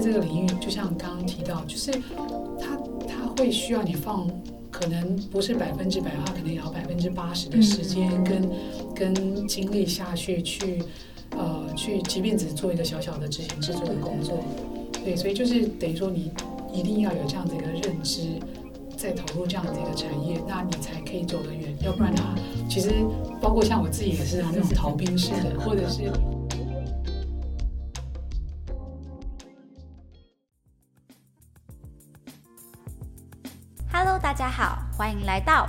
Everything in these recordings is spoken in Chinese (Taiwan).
在這個領域，就像剛剛提到，就是他他會需要你放，可能不是百分之百的話，可能也要百分之八十的時間跟、嗯嗯、跟精力下去去，呃，去即便只做一個小小的執行製作的工作，嗯、對，所以就是等於說你一定要有這樣的一個認知，在投入這樣的一個產業，那你才可以走得遠，嗯、要不然他、啊嗯、其實包括像我自己也是那種逃兵式的， 對或者是。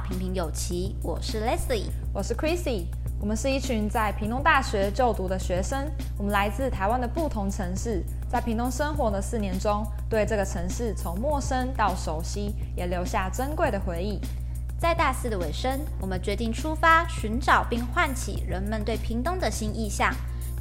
屏屏有奇，我是 Leslie，我是 Chrissy，我們是一群在屏東大學就讀的學生，我們來自台灣的不同城市，在屏東生活的四年中，對這個城市從陌生到熟悉，也留下珍貴的回憶。在大四的尾聲，我們決定出發，尋找並喚起人們對屏東的新意象。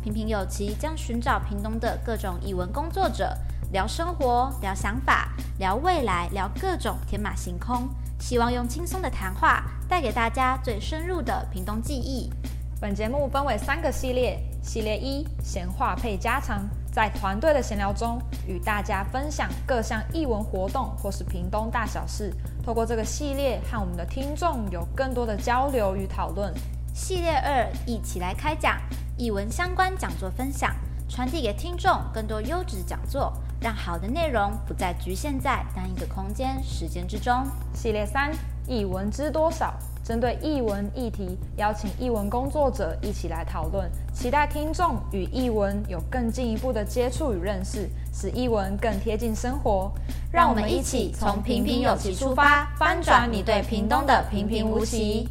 屏屏有奇將尋找屏東的各種藝文工作者，聊生活，聊想法，聊未來，聊各種天馬行空。希望用輕鬆的談話帶給大家最深入的屏東記憶。本節目分為三個系列：系列一，閒話配家常，在團隊的閒聊中與大家分享各項藝文活動或是屏東大小事，透過這個系列和我們的聽眾有更多的交流與討論；系列二，一起來開講，藝文相關講座分享，傳遞給聽眾更多優質講座。讓好的內容不再局限在單一的空間、時間之中。系列三：藝文知多少？針對藝文議題，邀請藝文工作者一起來討論，期待聽眾與藝文有更進一步的接觸與認識，使藝文更貼近生活。讓我們一起從屏屏有奇出發，翻轉你對屏東的平平無奇。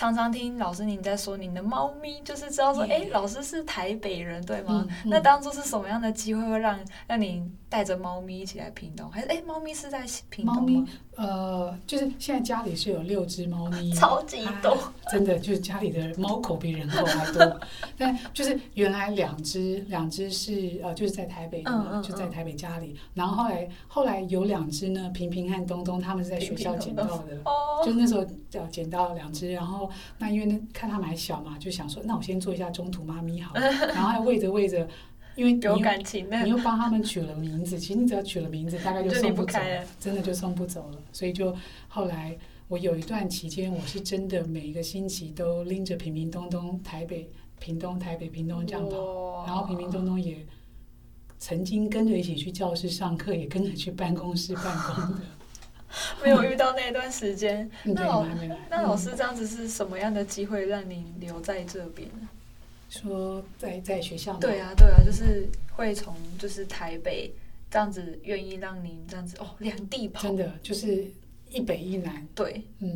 常常聽老師您在說，您的貓咪就是知道說，誒 Yeah.、欸，老師是台北人，對嗎？Yeah. 那當初是什麼樣的機會會讓讓你帶着貓咪一起來屏東還是哎，貓、欸、咪是在屏東嗎？貓咪，呃，就是現在家裡是有六隻貓咪，超級多、啊，真的就是家裡的貓口比人口還多。 但就是原來兩隻，兩隻是呃，就是在台北的，嗯嗯嗯就在台北家裡。然後後來後來有兩隻呢，平平和東東，他們是在學校撿到的，平平的就那時候叫撿到兩隻。哦、然後那因為那看他們還小嘛，就想說那我先做一下中途媽咪好了，然後還餵着餵着。因為你有感情，你又幫他們取了名字。 其實你只要取了名字，大概就送不走了，開了真的就送不走了。所以就後來，我有一段期間，我是真的每一個星期都拎着平平東東，台北屏東，台北屏東這樣跑。哇然後平平東東也曾經跟着一起去教室上課，也跟着去辦公室辦公的。 沒有遇到那段時間， 那我那老師這樣子是什麼樣的機會讓你留在這邊？說在在學校對啊對啊，就是會從就是台北這樣子，願意讓您這樣子哦，兩地跑真的就是一北一南對嗯，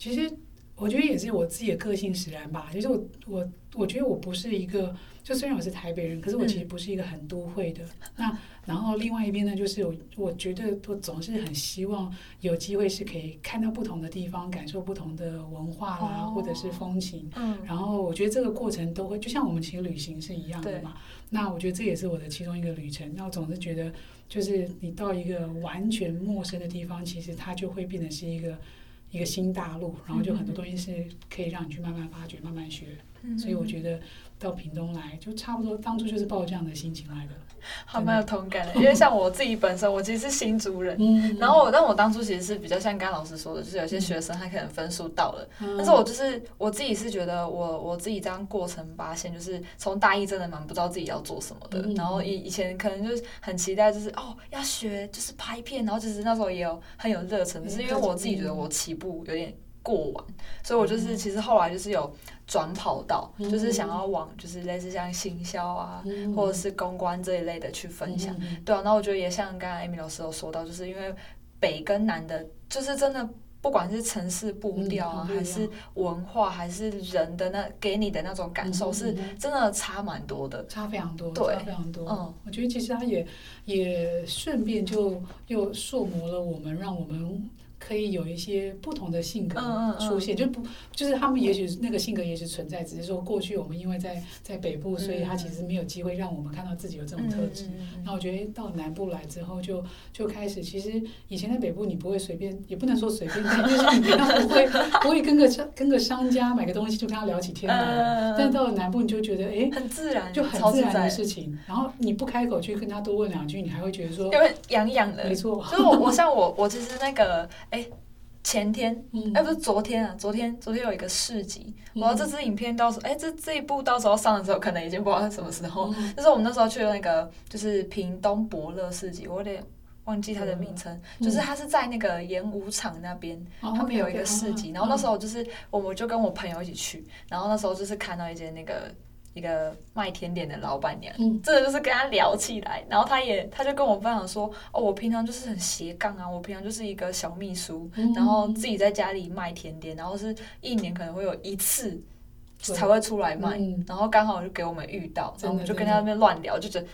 對，其實。我覺得也是我自己的個性使然吧。就是我我我覺得我不是一個，就雖然我是台北人，可是我其實不是一個很都會的。嗯、那然後另外一邊呢，就是我我覺得我總是很希望有機會是可以看到不同的地方，感受不同的文化啦，哦、或者是風情。嗯。然後我覺得這個過程都會，就像我們其實旅行是一樣的嘛。對。那我覺得這也是我的其中一個旅程。那我總是覺得，就是你到一個完全陌生的地方，其實它就會變得是一個。一個新大陸，然後就很多東西是可以讓你去慢慢發掘、慢慢學。 所以我覺得到屏東來就差不多，當初就是抱這樣的心情來的。好，蠻有同感的，欸， 因為像我自己本身，我其實是新竹人。 嗯哼。然後我，但我當初其實是比較像剛剛老師說的，就是有些學生他可能分數到了，嗯，但是我就是我自己是覺得我，我我自己這樣過程發現，就是從大一真的蠻不知道自己要做什麼的。嗯、哼然後以以前可能就很期待，就是哦要學就是拍片，然後就是那時候也有很有熱忱，嗯、只是因為我自己覺得我起步有點。過往，所以我就是其實後來就是有轉跑道，嗯、哼就是想要往就是類似像行銷啊，嗯、哼或者是公關這一類的去分享。嗯、哼對啊，那我覺得也像剛剛 Amy 老師有說到，就是因為北跟南的，就是真的不管是城市步調啊，嗯、啊還是文化，還是人的那給你的那種感受，是真的差蠻多的。嗯，差非常多，對，非常多。嗯，我覺得其實他也也順便就又塑模了我們，讓我們。可以有一些不同的性格出現，嗯嗯嗯，就不就是他們也許那個性格也許存在，只是說過去我們因為在在北部，所以他其實沒有機會讓我們看到自己有這種特質。那、嗯嗯嗯嗯、我覺得到南部來之後就，就就開始其實以前在北部你不會隨便，也不能說隨便，就是你平常不會 不會跟個商跟個商家買個東西就跟他聊起天來，啊。嗯嗯嗯，但到了南部你就覺得哎、欸、很自然就很自然的事情，然後你不開口去跟他多問兩句，你還會覺得說，因為養養了沒錯錯，所以我我像我我其實那個。 哎，欸、前天哎，欸、不是昨天啊，嗯、昨天昨天有一個市集，我、嗯、這支影片到時候哎，欸、這這一部到時候上的時候可能已經不知道是什麼時候，就、嗯、是我們那時候去了那個就是屏東伯樂市集，我有點忘記它的名稱，嗯、就是它是在那個演武場那邊，嗯、他們有一個市集，嗯、okay, okay, okay, 然後那時候就是我我就跟我朋友一起去，嗯、然後那時候就是看到一間那個。一個賣甜點的老闆娘，嗯、這個就是跟她聊起來，然後她也，她就跟我分享說，哦，我平常就是很斜槓啊，我平常就是一個小秘書，嗯、然後自己在家裡賣甜點，然後是一年可能會有一次才會出來賣，嗯、然後剛好就給我們遇到，的然後我們就跟她在那邊亂聊，就覺得，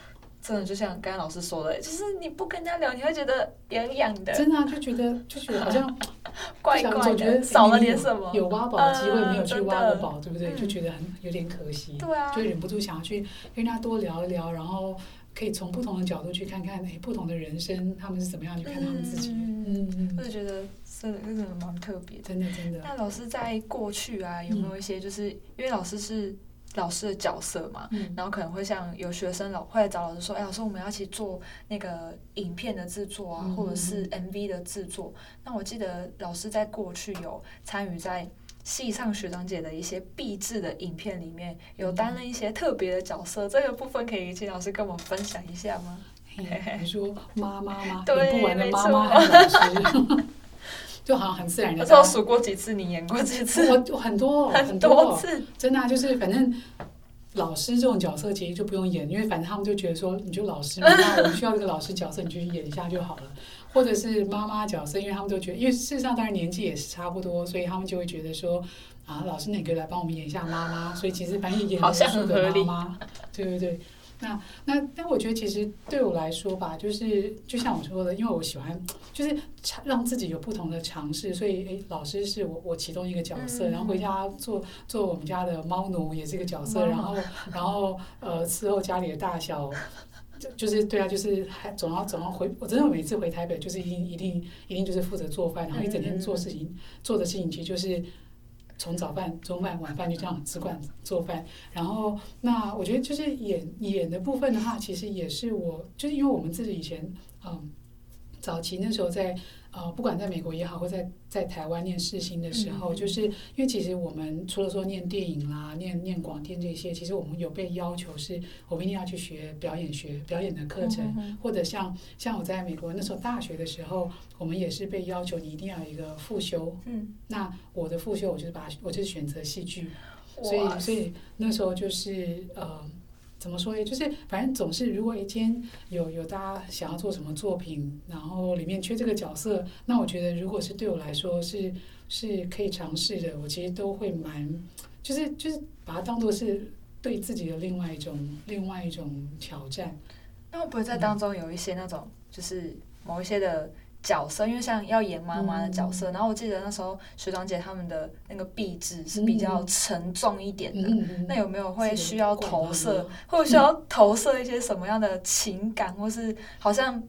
真的就像剛剛老師說的，就是你不跟人家聊，你會覺得癢癢的。真的就覺得，就覺得好像怪怪的，少了點什麼，有挖寶的機會沒有去挖過寶，對不對？就覺得很有點可惜。對啊。就忍不住想要去跟他多聊一聊，然後可以從不同的角度去看看，誒，不同的人生他們是怎麼樣去看他們自己。嗯嗯嗯。就覺得是那個蠻特別的，真的真的。那老師在過去啊，有沒有一些，就是因為老師是。老師的角色嘛，嗯、然後可能會像有學生老會來找老師說：“哎，老師，我們要一起做那個影片的制作啊，嗯、或者是 MV 的製作。嗯”那我記得老師在過去有參與在系上學長姐的一些畢制的影片裡面有擔任一些特別的角色，這個部分可以請老師跟我們分享一下嗎？嘿對你說媽媽嗎？對，不玩媽媽，就好像很自然的，我知我數過幾次，你演過幾次，我我很多很多次，多真的，啊、就是反正老師這種角色其實就不用演，因為反正他們就覺得說，你就老師嘛，那我們需要這個老師角色，你就去演一下就好了。 或者是媽媽角色，因為他們都覺得，因為事實上當然年紀也是差不多，所以他們就會覺得說，啊，老師哪個來幫我們演一下媽媽？所以其實反正演演無數的媽媽，對對對。那那但我覺得其實對我來說吧，就是就像我說的，因為我喜歡，就是嘗讓自己有不同的嘗試，所以、欸、老師是我我其中一個角色，嗯嗯然後回家做做我們家的貓奴也是一個角色，嗯、然後然後呃伺候家裡的大小，就就是對啊，就是還總要總要回，我真的每次回台北就是一定一定一定就是負責做飯，然後一整天做事情，嗯嗯做的事情其實就是。從早飯、中飯、晚飯就這樣只管做飯，然後那我覺得就是演演的部分的話，其實也是我就是因為我們自己以前嗯早期那時候在。呃，uh, 不管在美國也好，或在在台灣念世新的時候，嗯、就是因為其實我們除了說念電影啦、念念廣電這些，其實我們有被要求是我們一定要去學表演學表演的課程，嗯嗯、或者像像我在美國那時候大學的時候，我們也是被要求你一定要有一個副修。嗯，那我的副修我，我就把我就選擇戲劇，塞所以所以那時候就是呃。怎麼說呢？就是反正總是，如果一天有有大家想要做什麼作品，然後裡面缺這個角色，那我覺得如果是對我來說是是可以嘗試的，我其實都會蠻，就是就是把它當做是對自己的另外一種另外一種挑戰。那我不會在當中有一些那種、嗯、就是某一些的。角色，因為像要演媽媽的角色，嗯、然後我記得那時候學長姐他們的那個壁紙是比較沉重一點的，嗯嗯嗯嗯嗯、那有沒有會需要投射，媽媽或者需要投射一些什麼樣的情感，嗯、或是好像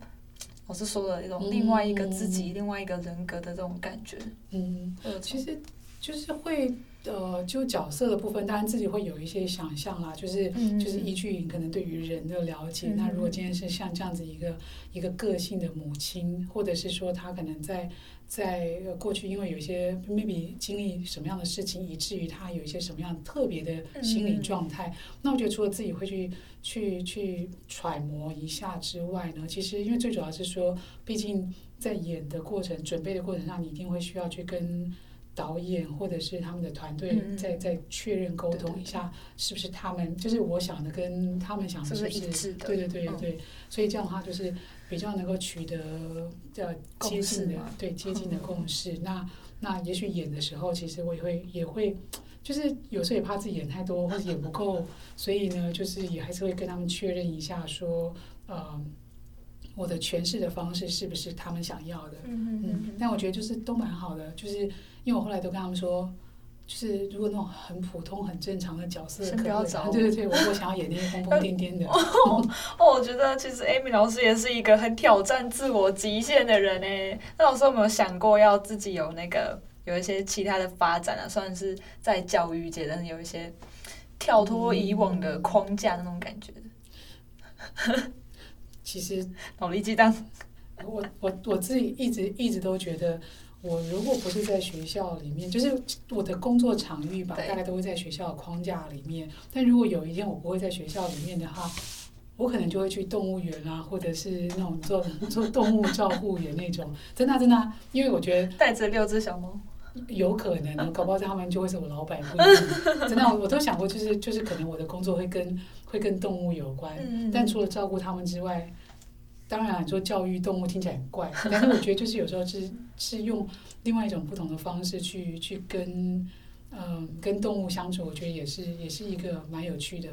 我是說的一種另外一個自己，嗯、另外一個人格的這種感覺？嗯，呃，其實就是會。呃，就角色的部分，當然自己會有一些想象啦，就是就是依據你可能對於人的了解。嗯、那如果今天是像這樣子一個、嗯、一個個性的母親，或者是說她可能在在過去因為有一些 maybe 經歷什麼樣的事情，以至於她有一些什麼樣特別的心理狀態。嗯、那我覺得除了自己會去去去揣摩一下之外呢，其實因為最主要是說，畢竟在演的過程、準備的過程上，你一定會需要去跟。導演或者是他們的團隊再再確認溝通一下，是不是他們就是我想的跟他們想的是不是對對對對，對，所以這樣的話就是比較能夠取得比較接近的對接近的共識。那那也許演的時候，其實我也會也會就是有時候也怕自己演太多或者演不夠，所以呢，就是也還是會跟他們確認一下說，嗯。我的詮釋的方式是不是他們想要的？嗯嗯嗯，但我覺得就是都蠻好的，就是因為我後來都跟他們說，就是如果那種很普通、很正常的角色，不要找。對對對，我不想要演那些瘋瘋癲癲的。哦， 我覺得其實 Amy 老師也是一個很挑戰自我極限的人呢、欸。那老師有沒有想過要自己有那個有一些其他的發展啊？算是在教育界，但是有一些跳脫以往的框架那種感覺的。嗯其實，老一雞蛋，我我我自己一直一直都覺得，我如果不是在學校裡面，就是我的工作場域吧，對 大概都會在學校的框架裡面。但如果有一天我不會在學校裡面的話，我可能就會去動物園啊，或者是那種做做動物照護員那種。 真的、啊、真的、啊，因為我覺得帶着六隻小貓。有可能，搞不好他們就會是我老闆。真的，我，我都想過、就是，就是就是，可能我的工作會跟會跟動物有關。但除了照顧他們之外，當然、啊、說教育動物聽起來很怪，但是我覺得就是有時候是是用另外一種不同的方式去去跟嗯、呃、跟動物相處，我覺得也是也是一個蠻有趣的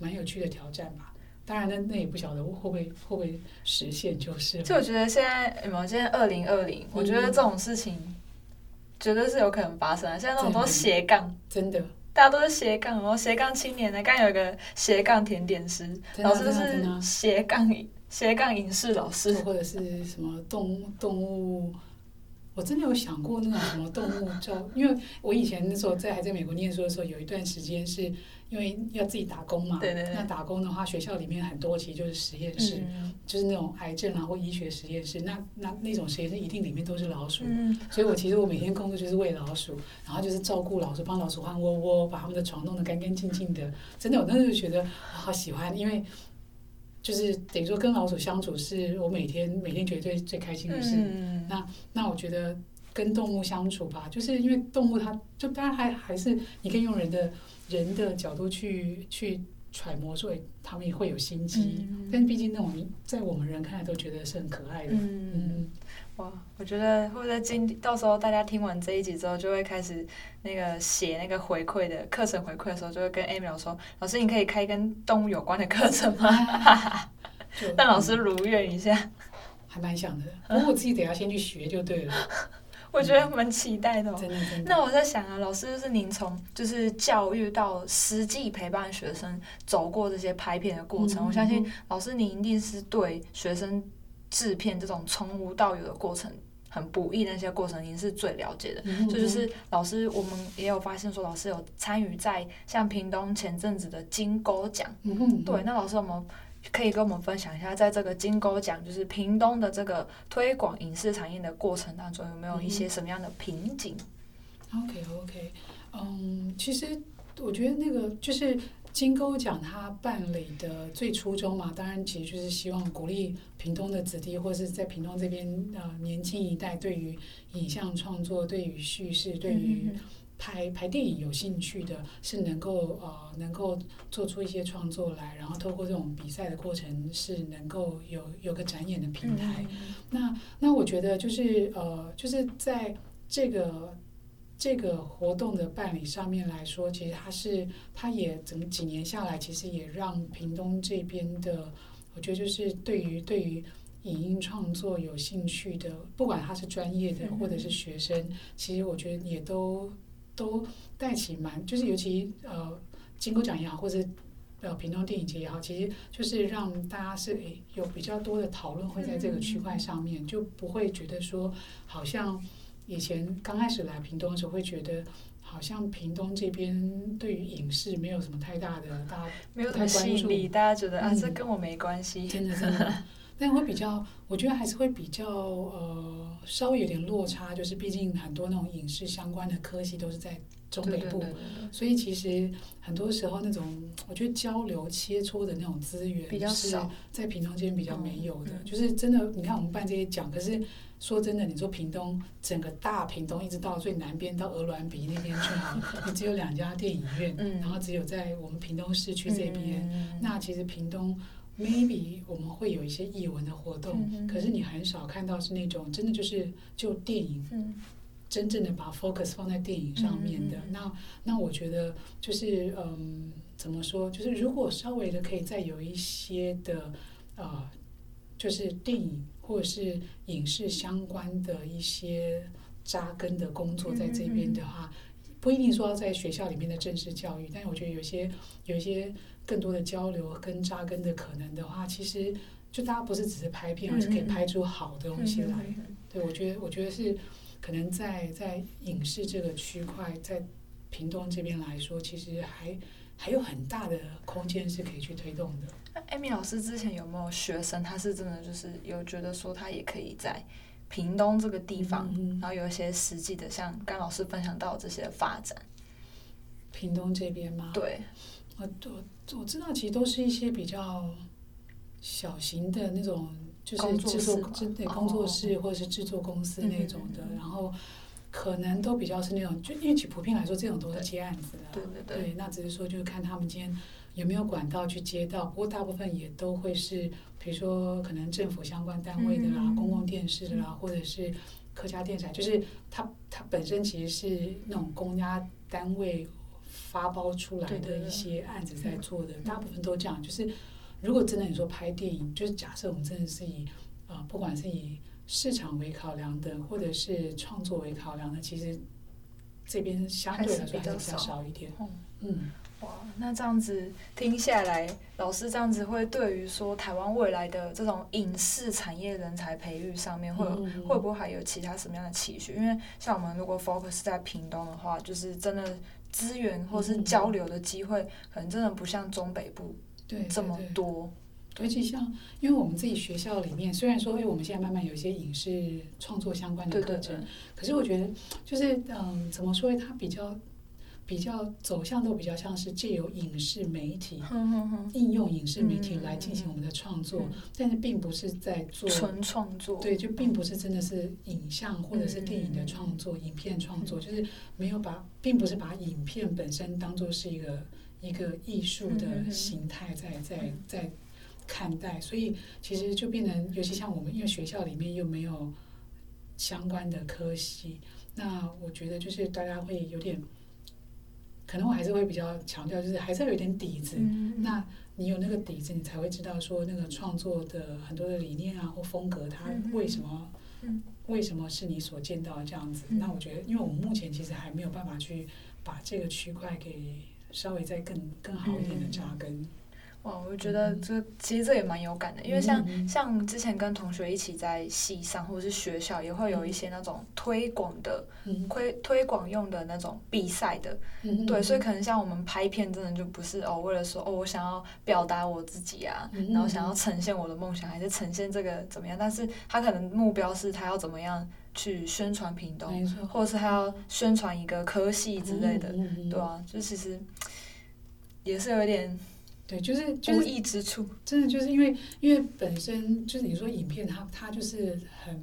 蠻有趣的挑戰吧。當然了，那也不曉得會不會會不會實現就，就是。就我覺得現在，有沒有？現在二零二零，我覺得這種事情、嗯。絕對是有可能發生啊！現在很多斜槓，真的，大家都是斜槓哦，斜槓青年呢，剛有個斜槓甜點師，啊、老師是斜槓、啊啊、斜槓影，影視老師，或者是什麼動物動物，我真的有想過那種什麼動物就 因為我以前那時候在還在美國念書的時候，有一段時間是。因為要自己打工嘛，對對對，那打工的話，學校裡面很多其實就是實驗室，嗯、就是那種癌症啊或醫學實驗室。那那那種實驗室一定裡面都是老鼠，嗯、所以我其實我每天工作就是餵老鼠，嗯、然後就是照顧老鼠，幫老鼠換窩窩，把他們的床弄得乾乾淨淨的。嗯、真的，我當時就覺得好喜歡，因為就是等於說跟老鼠相處是我每天每天絕對最開心的事。嗯、那那我覺得。跟動物相處吧，就是因為動物它就當然還還是你可以用人的人的角度去去揣摩，所以他們也會有心機，嗯、但畢竟那種在我們人看來都覺得是很可愛的。嗯，嗯哇，我覺得會不會在今到時候大家聽完這一集之後，就會開始那個寫那個回饋的課程回饋的時候，就會跟 Amy 說：“老師，你可以開跟動物有關的課程嗎？”啊、 讓老師如願一下，嗯、還蠻想的。不過、嗯、我自己得要先去學就對了。 我覺得蠻期待的、喔。嗯、真的、真的那我在想啊，老師就是您從就是教育到實際陪伴學生走過這些拍片的過程，嗯哼嗯哼，我相信老師您一定是對學生製片這種從無到有的過程很不易，那些過程您是最了解的。嗯哼嗯哼就，就是老師，我們也有發現說，老師有參與在像屏東前陣子的金緱獎，嗯哼嗯對，那老師我們。可以跟我們分享一下，在這個金緱獎，就是屏東的這個推廣影視產業的過程當中，有沒有一些什麼樣的瓶頸？OK OK，嗯、um,，其實我覺得那個就是金緱獎它辦理的最初衷嘛，當然其實就是希望鼓勵屏東的子弟，或是在屏東這邊的、呃、年輕一代對於影像創作、對於敘事、對於。拍拍電影有興趣的，是能夠呃能夠做出一些創作來，然後透過這種比賽的過程，是能夠有有個展演的平台。嗯、那那我覺得就是呃，就是在這個這個活動的辦理上面來說，其實它是它也整幾年下來，其實也讓屏東這邊的，我覺得就是對於對於影音創作有興趣的，不管他是專業的或者是學生，嗯嗯其實我覺得也都。都帶起蠻，就是尤其呃，金緱獎也好，或者呃，屏東電影節也好，其實就是讓大家是誒、欸，有比較多的討論會在這個區塊上面，嗯、就不會覺得說好像以前剛開始來屏東的時候會覺得，好像屏東這邊對於影視沒有什麼太大的大，沒有太吸引力，大家覺得啊，這跟我沒關係、嗯，真的真的。 但會比較，我覺得還是會比較呃，稍微有點落差，就是畢竟很多那種影視相關的科系都是在中北部，所以其實很多時候那種我覺得交流切磋的那種資源比較少，在屏東這邊比較沒有的，就是真的，你看我們辦這些獎，可是說真的，你說屏東整個大屏東一直到最南邊到鵝鑾鼻那邊去，你只有兩家電影院，然後只有在我們屏東市區這邊，那其實屏東。Maybe 我們會有一些藝文的活動，嗯、可是你很少看到是那種真的就是就電影，嗯、真正的把 focus 放在電影上面的。嗯、那那我覺得就是嗯，怎麼說？就是如果稍微的可以再有一些的啊、呃，就是電影或者是影視相關的一些扎根的工作在這邊的話，嗯、不一定說要在學校裡面的正式教育，但是我覺得有些有一些。更多的交流跟扎根的可能的話，其實就大家不是只是拍片，而、嗯嗯、是可以拍出好的東西來。嗯嗯嗯對，我覺得，我覺得是可能在在影視這個區塊，在屏東這邊來說，其實還還有很大的空間是可以去推動的。Amy、啊、老師之前有沒有學生？他是真的就是有覺得說他也可以在屏東這個地方，嗯嗯然後有一些實際的，像剛老師分享到這些發展，屏東這邊嗎？對。我我我知道，其實都是一些比較小型的那種，就是製作針對工作室或者是製作公司那種的，然後可能都比較是那種，就因為普遍來說，這種都是接案子的。對對對，那只是說就是看他們今天有沒有管道，去接到，不過大部分也都會是，比如說可能政府相關單位的啦、公共電視的啦，或者是客家電視台，就是它它本身其實是那種公家單位，發包出來的一些案子在做的，對對對，大部分都這樣。嗯、就是如果真的你說拍電影，嗯、就是假設我們真的是以啊、嗯呃，不管是以市場為考量的，嗯、或者是創作為考量的，其實這邊相對來說還是比較少一點。嗯，嗯哇，那這樣子聽下來，老師這樣子會對於說台灣未來的這種影視產業人才培育上面，會有嗯嗯嗯會不會還有其他什麼樣的期許？因為像我們如果 focus 在屏東的話，就是真的。資源或是交流的機會，可能真的不像中北部這麼多。對對對對，尤其像，因為我們自己學校裡面，雖然說因為我們現在慢慢有一些影視創作相關的課程，對對對。可是我覺得就是嗯，怎麼說呢？他比較。比較走向都比較像是借由影視媒體，應用影視媒體來進行我們的創作，但是並不是在做純創作，對，就並不是真的是影像或者是電影的創作，影片創作就是沒有把，並不是把影片本身當做是一個一個藝術的形態在在在看待，所以其實就變成，尤其像我們因為學校裡面又沒有相關的科系，那我覺得就是大家會有點。可能我還是會比較強調，就是還是要有點底子。嗯、那你有那個底子，你才會知道說那個創作的很多的理念啊或風格，它為什麼，嗯嗯、為什麼是你所見到的這樣子。嗯、那我覺得，因為我們目前其實還沒有辦法去把這個區塊給稍微再更更好一點的紮根。嗯嗯哇，我覺得這其實這也蠻有感的，因為像像之前跟同學一起在系上或者是學校，也會有一些那種推廣的、嗯、哼推推廣用的那種比賽的，嗯、哼對，所以可能像我們拍片，真的就不是哦，為了說哦，我想要表達我自己啊，嗯、哼然後想要呈現我的夢想，還是呈現這個怎麼樣？但是他可能目標是他要怎麼樣去宣傳屏東，嗯、哼或者是他要宣傳一個科系之類的，嗯、哼對吧、啊？就其實也是有點。對，就是、就是意之處，真的就是因為，因為本身就是你說影片它它就是很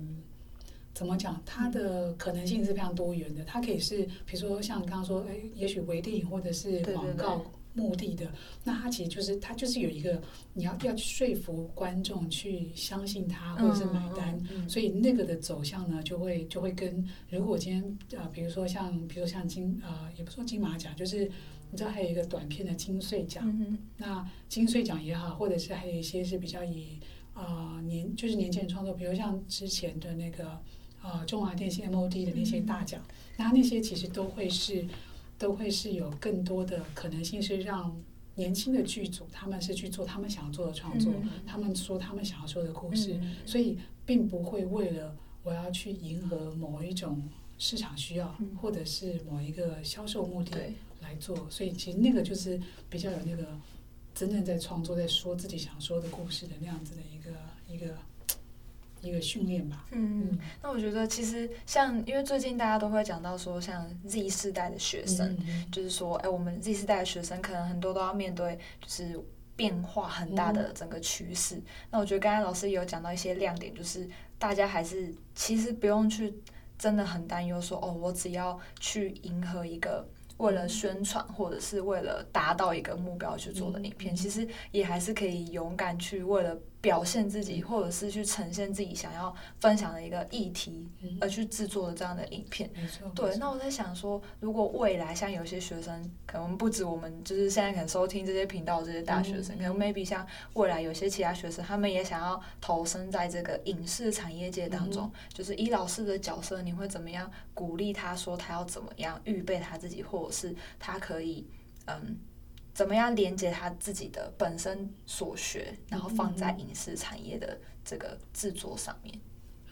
怎麼講，它的可能性是非常多元的，它可以是比如說像剛剛說，哎、欸，也許微電影或者是廣告目的的，對對對那它其實就是它就是有一個你要要去說服觀眾去相信它或者是買單，嗯嗯、所以那個的走向呢，就會就會跟如果我今天啊，呃、比如說像比如說像金呃也不說金馬獎就是。你知道還有一個短片的金穗獎，嗯、哼那金穗獎也好，或者是還有一些是比較以啊、呃、年就是年輕人創作，比如像之前的那個呃中華電信 MOD 的那些大獎，嗯、哼那那些其實都會是都會是有更多的可能性，是讓年輕的劇組他們是去做他們想要做的創作，嗯、哼他們說他們想要說的故事，嗯、哼所以並不會為了我要去迎合某一種市場需要，嗯、或者是某一個銷售目的。嗯來做，所以其實那個就是比較有那個真正在創作，在說自己想說的故事的那樣子的一個一個一個訓練吧。嗯嗯。嗯，那我覺得其實像，因為最近大家都會講到說，像 Z 世代的學生，就是說，哎，我們 Z 世代的學生可能很多都要面對就是變化很大的整個趨勢。嗯。那我覺得剛才老師也有講到一些亮點，就是大家還是其實不用去真的很擔憂，說哦，我只要去迎合一個。為了宣傳，或者是為了達到一個目標去做的影片，嗯，其實也還是可以勇敢去為了表現自己，或者是去呈現自己想要分享的一個議題，而去製作的這樣的影片。沒錯，對。那我在想說，如果未來像有些學生，可能不止我們，就是現在可能收聽這些頻道的這些大學生，可能 maybe 像未來有些其他學生，他們也想要投身在這個影視產業界當中。就是以老師的角色，你會怎麼樣鼓勵他說他要怎麼樣預備他自己，或者是他可以嗯。怎麼樣連接他自己的本身所學，然後放在影視產業的這個制作上面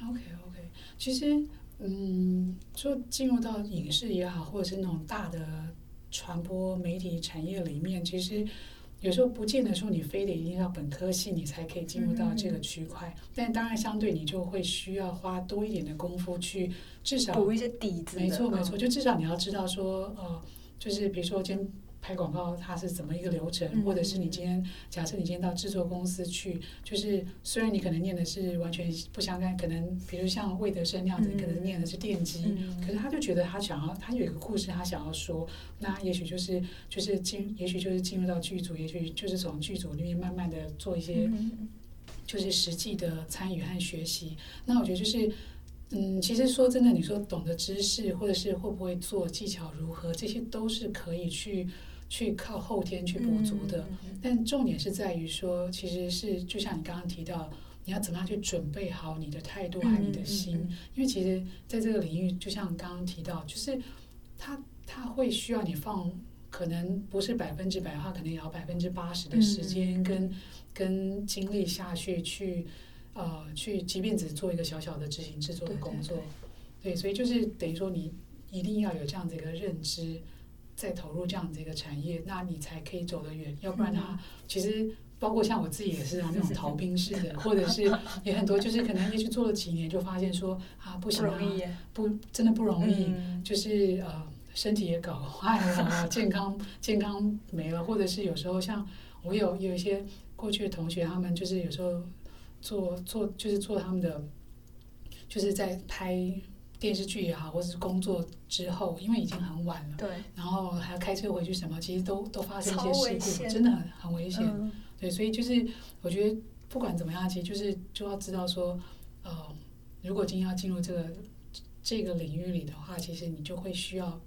？OK OK，其實，嗯，就進入到影視也好，或者是那種大的傳播媒體產業裡面，其實有時候不見得說你非得一定要本科系，你才可以進入到這個區塊。嗯、哼但當然，相對你就會需要花多一點的功夫去至少補一些底子沒錯。嗯、沒錯沒錯，就至少你要知道說，呃，就是比如說今天。嗯拍廣告它，是怎麼一個流程？嗯、或者是你今天假設你今天到製作公司去，就是雖然你可能唸的是完全不相干，可能比如像魏德聖那樣子，你可能唸的是電機，嗯、可是他就覺得他想要，他有一個故事他想要說，那也許就是就是進，也許就是進入到劇組，也許就是從劇組裡面慢慢的做一些，嗯、就是實際的參與和學習。那我覺得就是，嗯，其實說真的，你說懂得知識，或者是會不會做技巧如何，這些都是可以去。去靠後天去補足的，嗯嗯、但重點是在於說，其實是就像你剛剛提到，你要怎麼樣去準備好你的態度和你的心，嗯嗯嗯、因為其實在這個領域，就像剛剛提到，就是他他會需要你放，可能不是百分之百的話，可能也要百分之八十的時間跟、嗯嗯、跟精力下去去，呃，去即便只做一個小小的執行製作的工作，對，對，對，對。所以就是等於說，你一定要有這樣子一個認知。再投入這樣子一個產業，那你才可以走得遠。要不然的話，其實包括像我自己也是、啊、那種逃兵式的，或者是也很多，就是可能也許做了幾年，就發現說啊，不行啊，不，不真的不容易，嗯、就是呃，身體也搞壞了，健康 健康沒了，或者是有時候像我有有一些過去的同學，他們就是有時候做做就是做他們的，就是在拍。電視劇也好，或者是工作之後，因為已經很晚了，對，然後還要開車回去什麼，其實都都發生一些事故，真的很很危險。嗯、對，所以就是我覺得不管怎麼樣，其實就是就要知道說，呃，如果今天要進入這個這個領域裡的話，其實你就會需要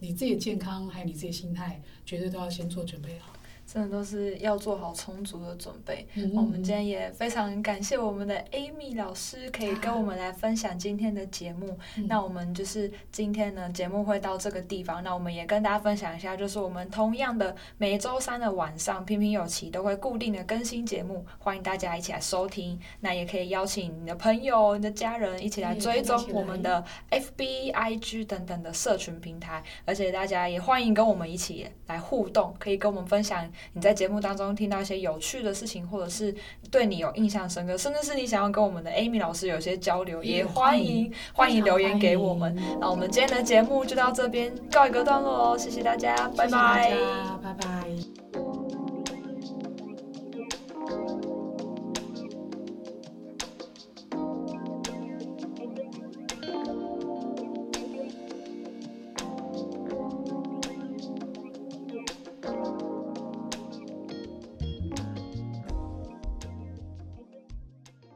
你自己的健康還有你自己心態，絕對都要先做準備好。真的都是要做好充足的準備。嗯、我們今天也非常感謝我們的 Amy 老師，可以跟我們來分享今天的節目。啊、那我們就是今天呢，節目會到這個地方。嗯、那我們也跟大家分享一下，就是我們同樣的每周三的晚上，屏屏有奇都會固定的更新節目，歡迎大家一起來收聽。那也可以邀請你的朋友、你的家人一起來追蹤我們的 FB、IG 等等的社群平台。而且大家也歡迎跟我們一起來互動，可以跟我們分享。你在節目當中聽到一些有趣的事情，或者是對你有印象深刻，甚至是你想要跟我們的 Amy 老師有一些交流，也歡迎歡迎留言給我們。那我們今天的節目就到這邊，告一個段落哦，謝謝大家，拜拜，謝謝大家，拜拜。